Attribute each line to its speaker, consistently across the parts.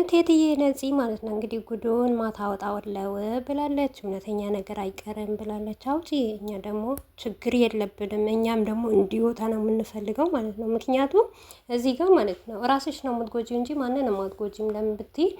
Speaker 1: እቴትዬ ነፂ ማለት ነው እንግዲህ ጉዶን ማታ ወለው ብላለች። እውነተኛ ነገር አይቀርም ብላለች። አውጪ እኛ ደግሞ ችግር የለብንም እኛም ደግሞ እንዲወጣ ነው የምንፈልገው ማለት ነው። ምክንያቱም እዚህ ጋር ማለት ነው ራስሽ ነው የምትጎጂው እንጂ ማንንም አትጎጂም። ለምን ብትይ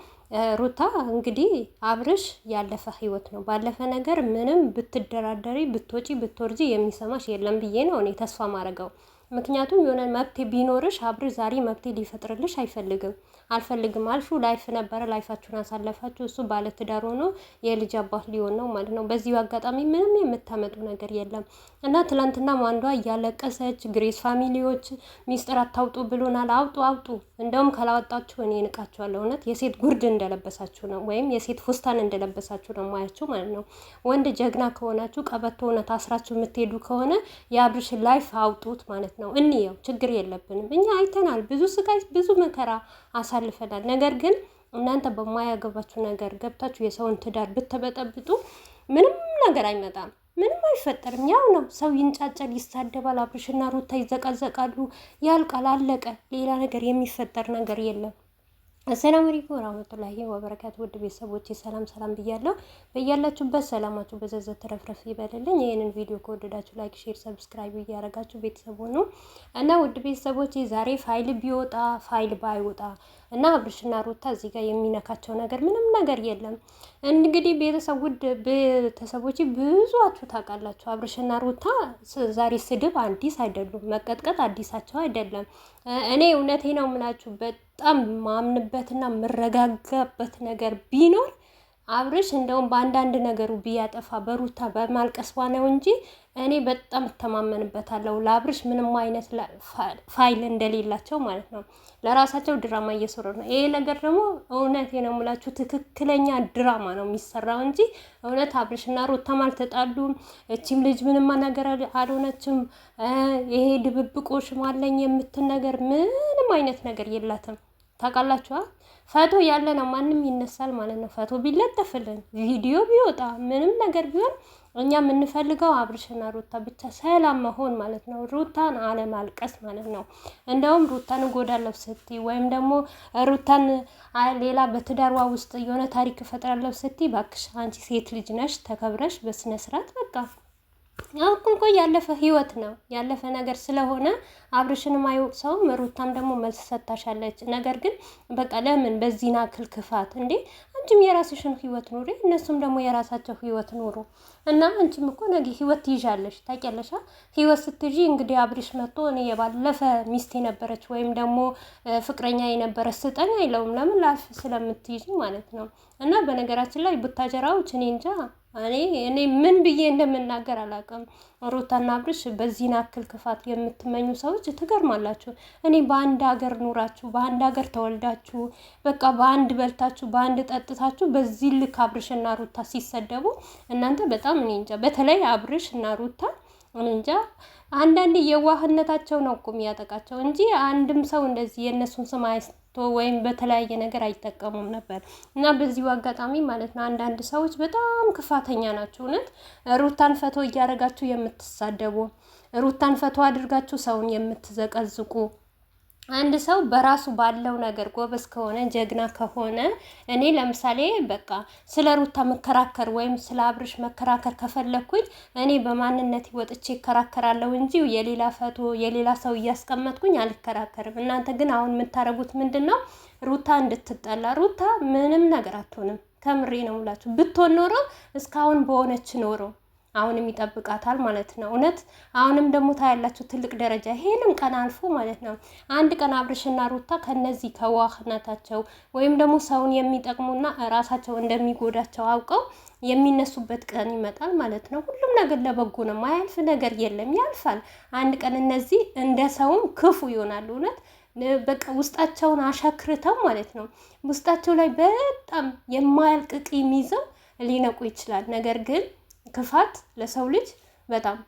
Speaker 1: ሩታ እንግዲህ አብርሽ ያለፈ ህይወት ነው። ባለፈ ነገር ምንም ብትደራደሪ ብትወጪ ብትወርጂ የሚሰማሽ የለም ብዬ ነው እኔ ተስፋ ማድረገው ምክንያቱም የሆነ መብቴ ቢኖርሽ አብርሽ ዛሬ መብቴ ሊፈጥርልሽ አይፈልግም አልፈልግም አልፉ ላይፍ ነበረ ላይፋችሁን አሳለፋችሁ። እሱ ባለትዳር ሆኖ የልጅ አባት ሊሆን ነው ማለት ነው። በዚሁ አጋጣሚ ምንም የምታመጡ ነገር የለም እና ትላንትና አንዷ እያለቀሰች ግሬስ ፋሚሊዎች ሚስጥር አታውጡ ብሎናል። አውጡ አውጡ፣ እንደውም ካላወጣችሁ እኔ እንቃችኋለሁ። እውነት የሴት ጉርድ እንደለበሳችሁ ነው ወይም የሴት ፉስታን እንደለበሳችሁ ነው ማያችሁ ማለት ነው። ወንድ ጀግና ከሆናችሁ ቀበቶ እውነት አስራችሁ የምትሄዱ ከሆነ የአብርሽ ላይፍ አውጡት ማለት ነው። ነው። እንየው፣ ችግር የለብንም። እኛ አይተናል፣ ብዙ ስቃይ፣ ብዙ መከራ አሳልፈናል። ነገር ግን እናንተ በማያገባችሁ ነገር ገብታችሁ የሰውን ትዳር ብትበጠብጡ ምንም ነገር አይመጣም፣ ምንም አይፈጠርም። ያው ነው፣ ሰው ይንጫጫል፣ ይሳደባል፣ አብርሽና ሩታ ይዘቃዘቃሉ፣ ያልቃል፣ አለቀ። ሌላ ነገር የሚፈጠር ነገር የለም። አሰላሙ አለይኩም ወራህመቱላሂ ወበረካቱ። ውድ ቤተሰቦች ሰላም ሰላም ብያለሁ። በያላችሁበት ሰላማችሁ በዘዘት ተረፍረፍ ይበልልኝ። ይህንን ቪዲዮ ከወደዳችሁ ላይክ፣ ሼር፣ ሰብስክራይብ እያደረጋችሁ ቤተሰብ ሁኑ እና ውድ ቤተሰቦች ዛሬ ፋይል ቢወጣ ፋይል ባይወጣ እና አብርሽና ሩታ እዚህ ጋር የሚነካቸው ነገር ምንም ነገር የለም። እንግዲህ ቤተሰብ ውድ ቤተሰቦች ብዙዋችሁ ታውቃላችሁ፣ አብርሽና ሩታ ዛሬ ስድብ አዲስ አይደሉም፣ መቀጥቀጥ አዲሳቸው አይደለም። እኔ እውነቴ ነው የምላችሁበት በጣም ማምንበትና የምረጋጋበት ነገር ቢኖር አብርሽ እንደውም በአንዳንድ ነገሩ ቢያጠፋ በሩታ በማልቀስባ ነው እንጂ እኔ በጣም እተማመንበታለሁ። ለአብርሽ ምንም አይነት ፋይል እንደሌላቸው ማለት ነው። ለራሳቸው ድራማ እየሰሩ ነው። ይሄ ነገር ደግሞ እውነት ነው የምላችሁ ትክክለኛ ድራማ ነው የሚሰራው እንጂ እውነት አብርሽና ሩታም አልተጣሉም። እቺም ልጅ ምንም ነገር አልሆነችም። ይሄ ድብብቆሽም አለኝ የምትል ነገር ምንም አይነት ነገር የላትም። ታውቃላችኋ። ፈቶ ያለ ነው ማንም ይነሳል ማለት ነው። ፈቶ ቢለጠፍልን ቪዲዮ ቢወጣ ምንም ነገር ቢሆን እኛ የምንፈልገው አብርሽና ሩታ ብቻ ሰላም መሆን ማለት ነው። ሩታን አለማልቀስ ማለት ነው። እንደውም ሩታን እጎዳለሁ ስቲ ወይም ደግሞ ሩታን ሌላ በትዳርዋ ውስጥ የሆነ ታሪክ እፈጥራለሁ ስቲ፣ እባክሽ አንቺ ሴት ልጅ ነሽ፣ ተከብረሽ በስነስርዓት በቃ አሁን ቆይ ያለፈ ህይወት ነው ያለፈ ነገር ስለሆነ አብርሽንም አይወቅሰውም። ሩታም ደግሞ መልስ ሰጥታሻለች። ነገር ግን በቃ ለምን በዚህ ናክል ክፋት እንዴ? አንቺም የራስሽን ህይወት ኑሪ፣ እነሱም ደግሞ የራሳቸው ህይወት ኑሩ እና አንቺም እኮ ነገ ህይወት ትይዣለሽ። ታውቂያለሽ። ህይወት ስትይዢ እንግዲህ አብርሽ መጥቶ እኔ የባለፈ ሚስት የነበረች ወይም ደግሞ ፍቅረኛ የነበረ ስጠኝ አይለውም። ለምን ላልፍ ስለምትይዥ ማለት ነው። እና በነገራችን ላይ ቡታጀራዎች እኔ እንጃ እኔ እኔ ምን ብዬ እንደምናገር አላውቅም። ሩታና አብርሽ በዚህን አክል ክፋት የምትመኙ ሰዎች ትገርማላችሁ። እኔ በአንድ ሀገር ኑራችሁ በአንድ ሀገር ተወልዳችሁ በቃ በአንድ በልታችሁ በአንድ ጠጥታችሁ በዚህ ልክ አብርሽና ሩታ ሲሰደቡ እናንተ በጣም እኔ እንጃ። በተለይ አብርሽ እና ሩታ እንጃ አንዳንዴ የዋህነታቸው ነው እኮ የሚያጠቃቸው እንጂ አንድም ሰው እንደዚህ የእነሱን ስም አይስቶ ወይም በተለያየ ነገር አይጠቀሙም ነበር። እና በዚሁ አጋጣሚ ማለት ነው አንዳንድ ሰዎች በጣም ክፋተኛ ናቸው። እውነት ሩታን ፈቶ እያደረጋችሁ የምትሳደቡ፣ ሩታን ፈቶ አድርጋችሁ ሰውን የምትዘቀዝቁ አንድ ሰው በራሱ ባለው ነገር ጎበዝ ከሆነ ጀግና ከሆነ እኔ ለምሳሌ በቃ ስለ ሩታ መከራከር ወይም ስለ አብርሽ መከራከር ከፈለኩኝ እኔ በማንነት ወጥቼ ይከራከራለሁ እንጂ የሌላ ፈቶ የሌላ ሰው እያስቀመጥኩኝ አልከራከርም። እናንተ ግን አሁን የምታደርጉት ምንድን ነው? ሩታ እንድትጠላ። ሩታ ምንም ነገር አትሆንም። ከምሬ ነው ሙላችሁ። ብትሆን ኖሮ እስካሁን በሆነች ኖረው አሁንም ይጠብቃታል ማለት ነው። እውነት አሁንም ደግሞ ታያላችሁ ትልቅ ደረጃ ይሄንም ቀን አልፎ ማለት ነው። አንድ ቀን አብርሽና ሩታ ከነዚህ ከዋህናታቸው ወይም ደግሞ ሰውን የሚጠቅሙና ራሳቸው እንደሚጎዳቸው አውቀው የሚነሱበት ቀን ይመጣል ማለት ነው። ሁሉም ነገር ለበጎ ነው። ማያልፍ ነገር የለም፣ ያልፋል። አንድ ቀን እነዚህ እንደ ሰውም ክፉ ይሆናሉ። እውነት በቃ ውስጣቸውን አሻክርተው ማለት ነው። ውስጣቸው ላይ በጣም የማያልቅ ቂም ይዘው ሊነቁ ይችላል ነገር ግን ክፋት ለሰው ልጅ በጣም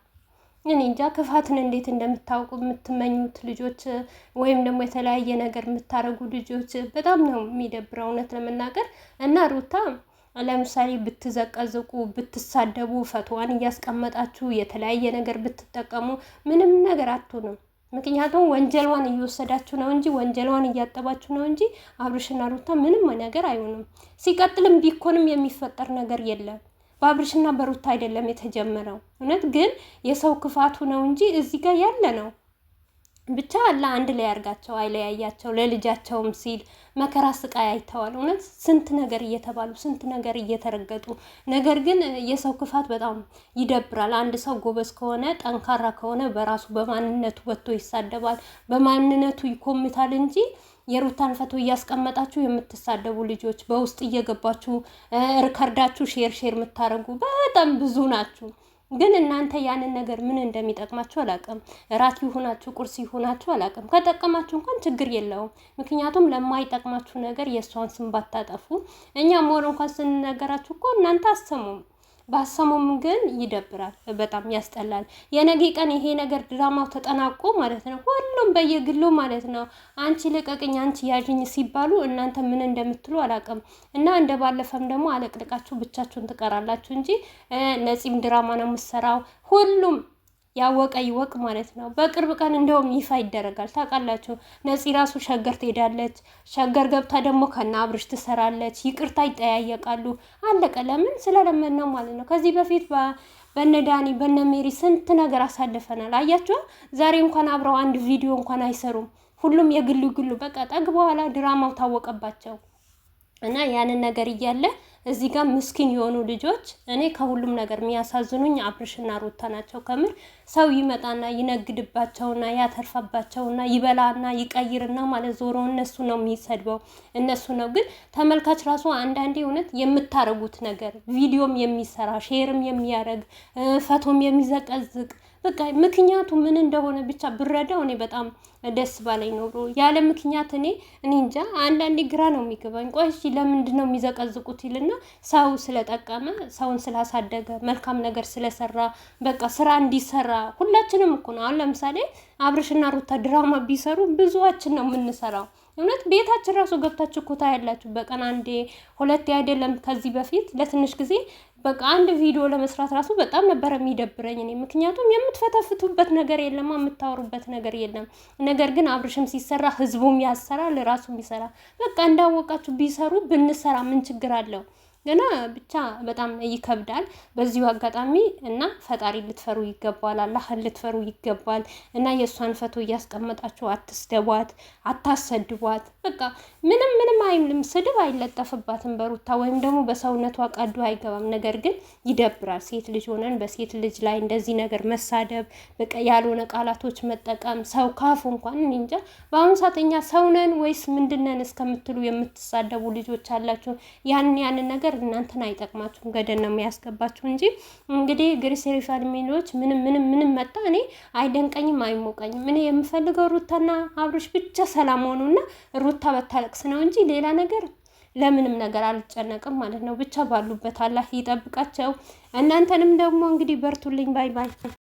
Speaker 1: እኔ እንጃ ክፋትን እንዴት እንደምታውቁ የምትመኙት ልጆች ወይም ደግሞ የተለያየ ነገር የምታደርጉ ልጆች በጣም ነው የሚደብረው፣ እውነት ለመናገር እና ሩታ ለምሳሌ ብትዘቀዝቁ፣ ብትሳደቡ፣ ፈትዋን እያስቀመጣችሁ የተለያየ ነገር ብትጠቀሙ ምንም ነገር አትሆንም። ምክንያቱም ወንጀሏን እየወሰዳችሁ ነው እንጂ ወንጀሏን እያጠባችሁ ነው እንጂ አብርሽና ሩታ ምንም ነገር አይሆንም። ሲቀጥልም ቢኮንም የሚፈጠር ነገር የለም። በአብርሽና በሩታ አይደለም የተጀመረው። እውነት ግን የሰው ክፋቱ ነው እንጂ እዚህ ጋር ያለ ነው። ብቻ አላ አንድ ላይ ያርጋቸው፣ አይለያያቸው። ለልጃቸውም ሲል መከራ ስቃይ አይተዋል። እውነት ስንት ነገር እየተባሉ ስንት ነገር እየተረገጡ፣ ነገር ግን የሰው ክፋት በጣም ይደብራል። አንድ ሰው ጎበዝ ከሆነ ጠንካራ ከሆነ በራሱ በማንነቱ ወጥቶ ይሳደባል፣ በማንነቱ ይኮምታል እንጂ የሩታን ፈቶ እያስቀመጣችሁ የምትሳደቡ ልጆች በውስጥ እየገባችሁ ርከርዳችሁ ሼር ሼር የምታደርጉ በጣም ብዙ ናችሁ። ግን እናንተ ያንን ነገር ምን እንደሚጠቅማችሁ አላቅም። እራት ይሁናችሁ፣ ቁርስ ይሁናችሁ አላቅም። ከጠቀማችሁ እንኳን ችግር የለውም። ምክንያቱም ለማይጠቅማችሁ ነገር የእሷን ስም ባታጠፉ። እኛ ሞር እንኳን ስንነገራችሁ እኮ እናንተ አሰሙም ባሰሙም ግን ይደብራል፣ በጣም ያስጠላል። የነገ ቀን ይሄ ነገር ድራማው ተጠናቆ ማለት ነው ሁሉም በየግሉ ማለት ነው አንቺ ልቀቅኝ፣ አንቺ ያዥኝ ሲባሉ እናንተ ምን እንደምትሉ አላውቅም። እና እንደ ባለፈም ደግሞ አለቅልቃችሁ ብቻችሁን ትቀራላችሁ እንጂ ነፂም ድራማ ነው የምትሰራው ሁሉም ያወቀ ይወቅ ማለት ነው። በቅርብ ቀን እንደውም ይፋ ይደረጋል። ታውቃላችሁ ነፂ ራሱ ሸገር ትሄዳለች። ሸገር ገብታ ደግሞ ከነ አብርሽ ትሰራለች። ይቅርታ ይጠያየቃሉ። አለቀ። ለምን ስለለመን ነው ማለት ነው። ከዚህ በፊት በነ ዳኒ በነ ሜሪ ስንት ነገር አሳልፈናል። አያችሁ ዛሬ እንኳን አብረው አንድ ቪዲዮ እንኳን አይሰሩም። ሁሉም የግሉ ግሉ በቃ ጠግ በኋላ ድራማው ታወቀባቸው እና ያንን ነገር እያለ እዚህ ጋር ምስኪን የሆኑ ልጆች እኔ ከሁሉም ነገር የሚያሳዝኑኝ አብርሽና ሩታ ናቸው። ከምር ሰው ይመጣና ይነግድባቸውና ያተርፋባቸውና ይበላና ይቀይርና ማለት ዞሮ እነሱ ነው የሚሰድበው እነሱ ነው። ግን ተመልካች ራሱ አንዳንዴ እውነት የምታረጉት ነገር ቪዲዮም የሚሰራ ሼርም የሚያደርግ ፈቶም የሚዘቀዝቅ በቃ ምክንያቱ ምን እንደሆነ ብቻ ብረዳው እኔ በጣም ደስ ባለኝ ኖሮ። ያለ ምክንያት እኔ እኔ እንጃ አንዳንዴ ግራ ነው የሚገባኝ። ቆይ እሺ ለምንድን ነው የሚዘቀዝቁት ይልና ሰው ስለጠቀመ፣ ሰውን ስላሳደገ፣ መልካም ነገር ስለሰራ በቃ ስራ እንዲሰራ ሁላችንም እኮ ነው። አሁን ለምሳሌ አብርሽና ሩታ ድራማ ቢሰሩ ብዙዋችን ነው የምንሰራው። እውነት ቤታችን ራሱ ገብታችሁ እኮ ታያላችሁ። በቀን አንዴ ሁለቴ አይደለም ከዚህ በፊት ለትንሽ ጊዜ በቃ አንድ ቪዲዮ ለመስራት ራሱ በጣም ነበረ የሚደብረኝ እኔ። ምክንያቱም የምትፈተፍቱበት ነገር የለም የምታወሩበት ነገር የለም። ነገር ግን አብርሽም ሲሰራ ህዝቡም ያሰራል፣ ራሱም ይሰራል። በቃ እንዳወቃችሁ ቢሰሩ ብንሰራ ምን ችግር አለው? ገና ብቻ በጣም ይከብዳል። በዚሁ አጋጣሚ እና ፈጣሪ ልትፈሩ ይገባል፣ አላህን ልትፈሩ ይገባል እና የእሷን ፈቶ እያስቀመጣችሁ አትስደቧት፣ አታሰድቧት። በቃ ምንም ምንም አይልም፣ ስድብ አይለጠፍባትም በሩታ ወይም ደግሞ በሰውነቷ ቀዶ አይገባም። ነገር ግን ይደብራል። ሴት ልጅ ሆነን በሴት ልጅ ላይ እንደዚህ ነገር መሳደብ፣ በቃ ያልሆነ ቃላቶች መጠቀም፣ ሰው ካፉ እንኳን እንጃ። በአሁኑ ሰዓት እኛ ሰውነን ወይስ ምንድነን እስከምትሉ የምትሳደቡ ልጆች አላችሁ። ያን ያንን ነገር ነገር እናንተን አይጠቅማችሁም፣ ገደል ነው የሚያስገባችሁ እንጂ እንግዲህ ግሪሴሪሽ ሪፋሚሊዎች ምንም ምንም ምንም መጣ እኔ አይደንቀኝም፣ አይሞቀኝም። እኔ የምፈልገው ሩታና አብሮች ብቻ ሰላም ሆኑና ሩታ በታለቅስ ነው እንጂ ሌላ ነገር ለምንም ነገር አልጨነቅም ማለት ነው። ብቻ ባሉበት አላህ ይጠብቃቸው። እናንተንም ደግሞ እንግዲህ በርቱልኝ። ባይ ባይ